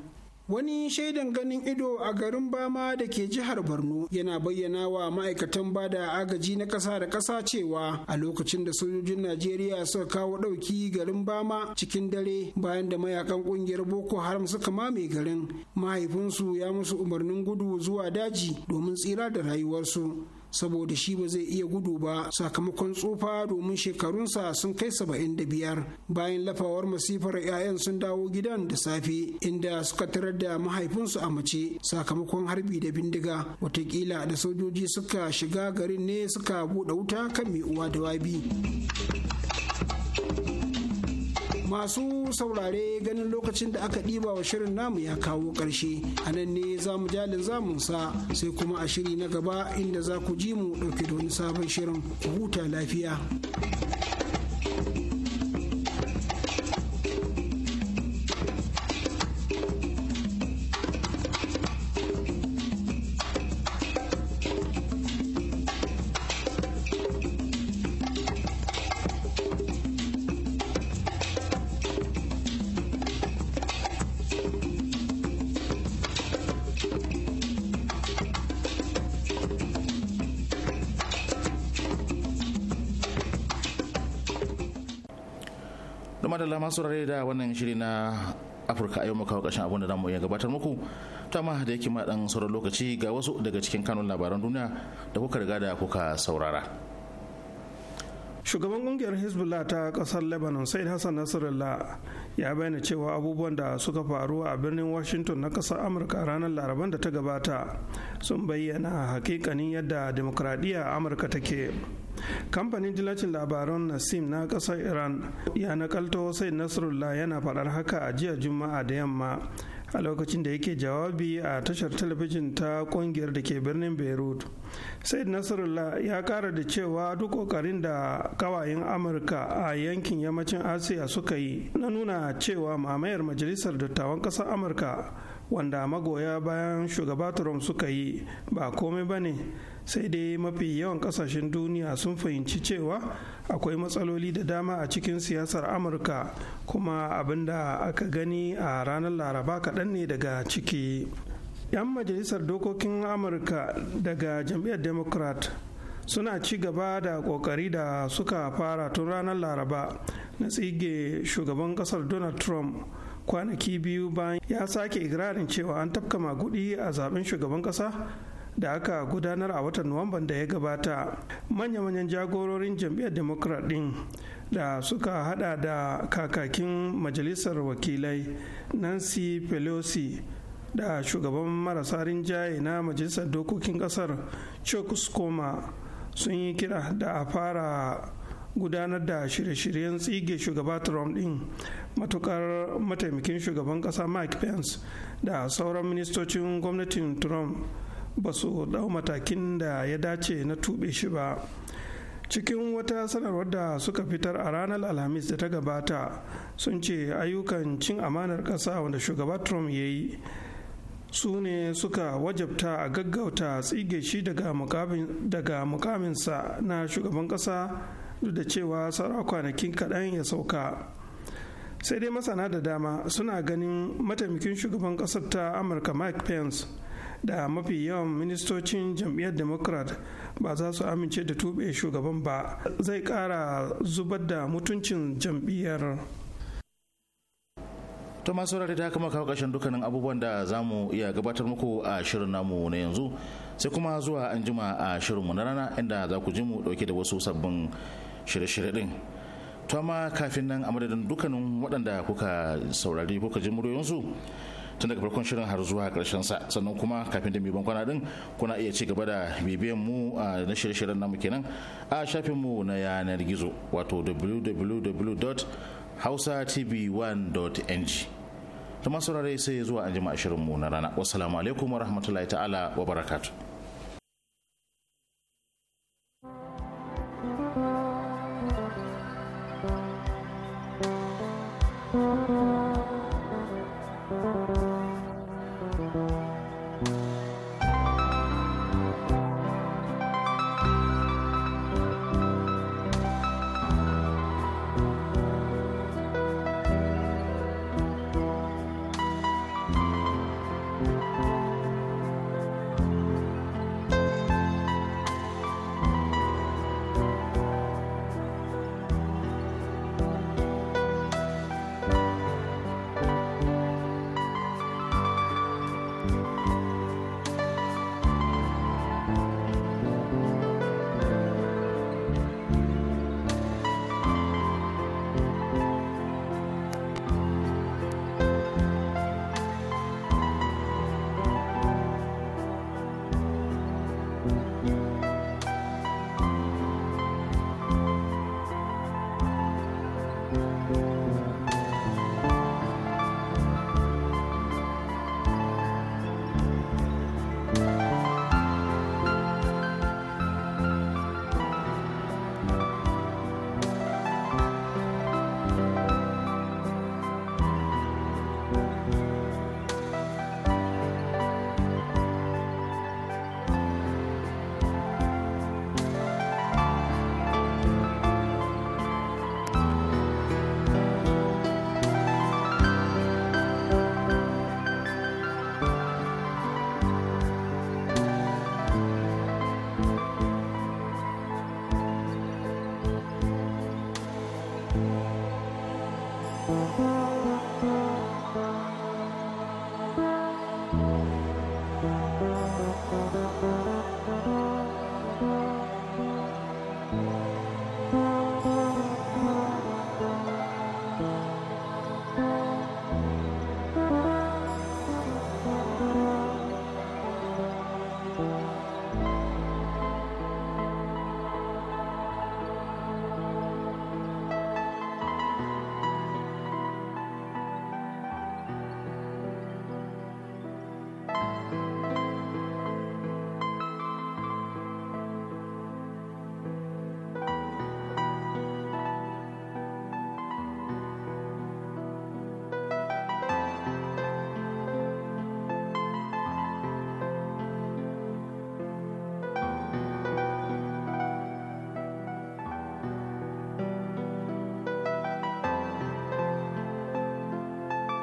Wani shaidan ganin ido a garin Bama da ke jihar Borno yana bayyana wa ma'aikatan bada agaji na ƙasa da ƙasa cewa a lokacin da sojojin Najeriya suka kawo ɗauki garin Bama cikin dare bayan da mayakan ƙungiyar Boko Haram suka mame garin mahaifinsu ya musu umarnin gudu zuwa daji domin tsira da rayuwarsu. saboda shi ba zai iya gudu ba sakamakon tsufa domin shekarunsa sun kai saba'in da biyar bayan lafawar masifar 'ya'yan sun dawo gidan da safe inda suka tarar da mahaifinsu a mace sakamakon harbi da bindiga watakila da sojoji suka shiga garin ne suka buɗe wuta kan mai uwa da wabi. masu saurare ganin lokacin da aka ɗiba wa shirin namu ya kawo ƙarshe a nan ne za mu jalin sa sai kuma a shiri na gaba inda za ku ji mu ɗauke da sabon shirin huta lafiya. masu rare da wannan shiri na afirka a yau muka kashin abin da damu iya gabatar muku ta ma da yake maɗan sauran lokaci ga wasu daga cikin kanun labaran duniya da kuka riga da kuka saurara. shugaban kungiyar hezbollah ta kasar lebanon said hassan nasarallah ya bayyana cewa abubuwan da suka faru a birnin washington na kasar amurka ranar laraban da ta gabata sun bayyana hakikanin yadda demokradiyya a amurka take kamfanin tilacin labaran nasim na ƙasar iran ya nakalto sai nasrullah yana faɗar haka a jiya juma'a da yamma a lokacin da yake jawabi a tashar talabijin ta kungiyar da ke birnin beirut said nasrullah ya kara da cewa duk kokarin da kawayen amurka a yankin yammacin asiya suka yi na nuna cewa mamayar majalisar dattawan ƙasar amurka wanda magoya bayan shugaba trump suka yi ba komai ba ne sai dai mafi yawan kasashen duniya sun fahimci cewa akwai matsaloli da dama a cikin siyasar amurka kuma abin da aka gani a ranar laraba kaɗan ne daga ciki 'yan majalisar dokokin amurka daga jam'iyyar democrat suna ci gaba da kokari da suka fara tun ranar laraba na tsige shugaban kasar donald trump kwanaki biyu bayan ya sake ikirarin cewa an tafka magudi a zaben shugaban kasa da aka gudanar a watan nuwamban da ya gabata manya-manyan jagororin jam'iyyar democrat din da suka hada da kakakin majalisar wakilai nancy pelosi da shugaban marasa rinjaye na majalisar dokokin kasar chuck sun yi kira da a fara gudanar da shirye-shiryen tsige shugaba trump din matukar mataimakin shugaban kasa mike pence da sauran ministocin gwamnatin trump ba su dau matakin da ya dace na tube shi ba cikin wata sanarwar da suka fitar a ranar alhamis da ta gabata sun ce ayyukan cin amanar ƙasa wanda shugaba trump ya yi su ne suka wajabta a gaggauta tsige shi daga mukaminsa na shugaban ƙasa duk da cewa sauran kwanakin kaɗan ya sauka sai dai masana da dama suna ganin mataimakin shugaban ƙasar ta amurka mike pence da mafi yawan ministocin jam'iyyar democrat ba za su amince da tube shugaban ba zai kara zubar da mutuncin jam'iyyar ta masu rarri ta kama kawo ƙarshen dukkanin abubuwan da za mu iya gabatar muku a shirin namu na yanzu sai kuma zuwa an jima a shirinmu na rana inda za ku ji mu ɗauke da wasu sabbin shirye-shirye din to amma kafin nan a madadin dukkanin waɗanda kuka saurari kuka ji muryoyinsu tun daga farkon shirin har zuwa ƙarshen sa sannan kuma kafin da mai bankwana din kuna iya ci gaba da bibiyan mu na shirye-shiryen namu kenan a shafin mu na yanar gizo wato www.hausatv1.ng ta masu sai zuwa an jima shirin mu na rana wasu alaikum wa rahmatullahi ta'ala wa barakatuh